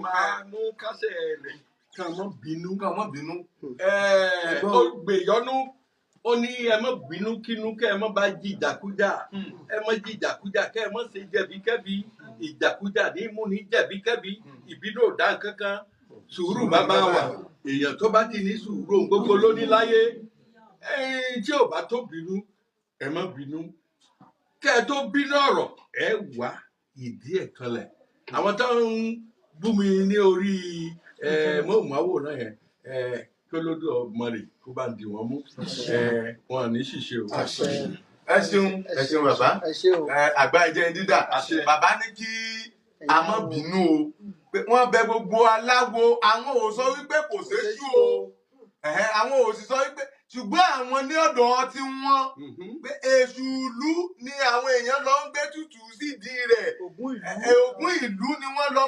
máa mú kásẹ̀ rẹ̀ kàn mọ́ bínú. kàn mọ́ bínú. Hmm. ẹ̀ẹ́ ó gbèyọ́nú ó ní ẹ má bínú kínú kẹ́ ẹ má bá jí ìjàkújà hmm. ẹ má jí ìjàkújà kẹ́ ẹ má ṣe jẹ̀bíkẹ́bí hmm. ìjàkújà ní mú ní jẹ̀bíkẹ́bí ìbínú ò dá kankan sùúrù bàbá wa èèyàn tó bá ti ní sùúrù ohun gbogbo ló ní láyé tí ò bá tó bínú ẹ má bínú kẹ́ ẹ tó bínú ọ̀rọ̀ ẹ wá ìdí ẹ̀ kanlẹ̀ àwọn táwọn ń bú mi ní orí mọ́ọ̀máwòrán yẹn kólódù ọmọrè kó bá ń di wọn mú wọn ní ṣìṣe o. ẹ ṣeun ẹ ṣeun bàbá àgbà ìjẹ dídà bàbá ní kí a má bínú o pé wọn bẹ gbogbo aláwo àwọn ò sọ wípé kò séjú o àwọn ò sì sọ wípé ṣùgbọ́n àwọn ní ọ̀dọ̀ ọtí wọn mhm. pé èṣù ìlú ni àwọn èèyàn lọ ń gbé tútù sídìí rẹ̀ ògún ìlú ni wọ́n lọ.